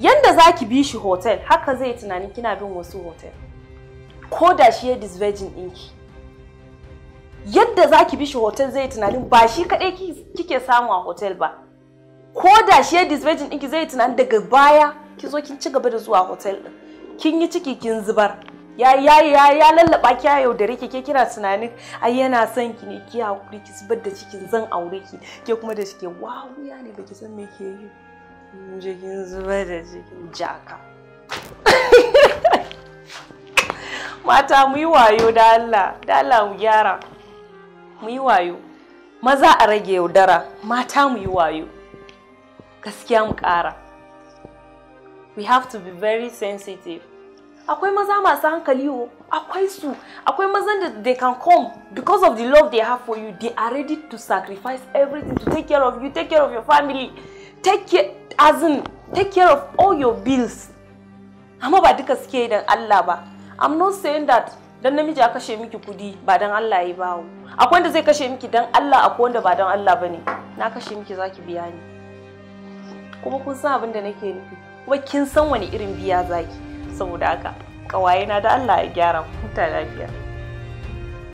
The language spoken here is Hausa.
yanda za ki bi shi hotel haka zai tunanin kina bin wasu hotel ko da shi ya disvirgin ɗinki yadda za ki bi shi hotel zai tunanin ba shi kaɗai kike samu a hotel ba ko da shi ya disvirgin ɗinki zai tunani daga baya ki zo kin ci gaba da zuwa hotel ɗin kin yi ciki kin zubar ya ya ya ya lallaba ki yau da rike ke kina tunanin ai yana son ki ne ki hakuri ki zubar da cikin zan aure ki ke kuma da shi ke wawu ya ne baki san me ke yi Jikin zuba da jikin jaka. Mata mu yi wayo da Allah, da Allah mu gyara. Mu yi wayo. Maza a rage yaudara, mata mu yi wayo. Gaskiya mu ƙara. We have to be very sensitive. akwai maza masu hankali wo akwai su akwai mazan da they can come because of the love they have for you they are ready to sacrifice everything to take care of you take care of your family take care as in take care of all your bills amma ba duka suke yi don Allah ba I'm not saying that dan namiji ya kashe miki kudi ba dan Allah ya bawo akwai wanda zai kashe miki dan Allah akwai wanda ba dan Allah bane na kashe miki zaki biya ni kuma kun san abin da nake nufi kuma kin san wani irin biya zaki saboda haka kawaye na da Allah ya gyara ku ta lafiya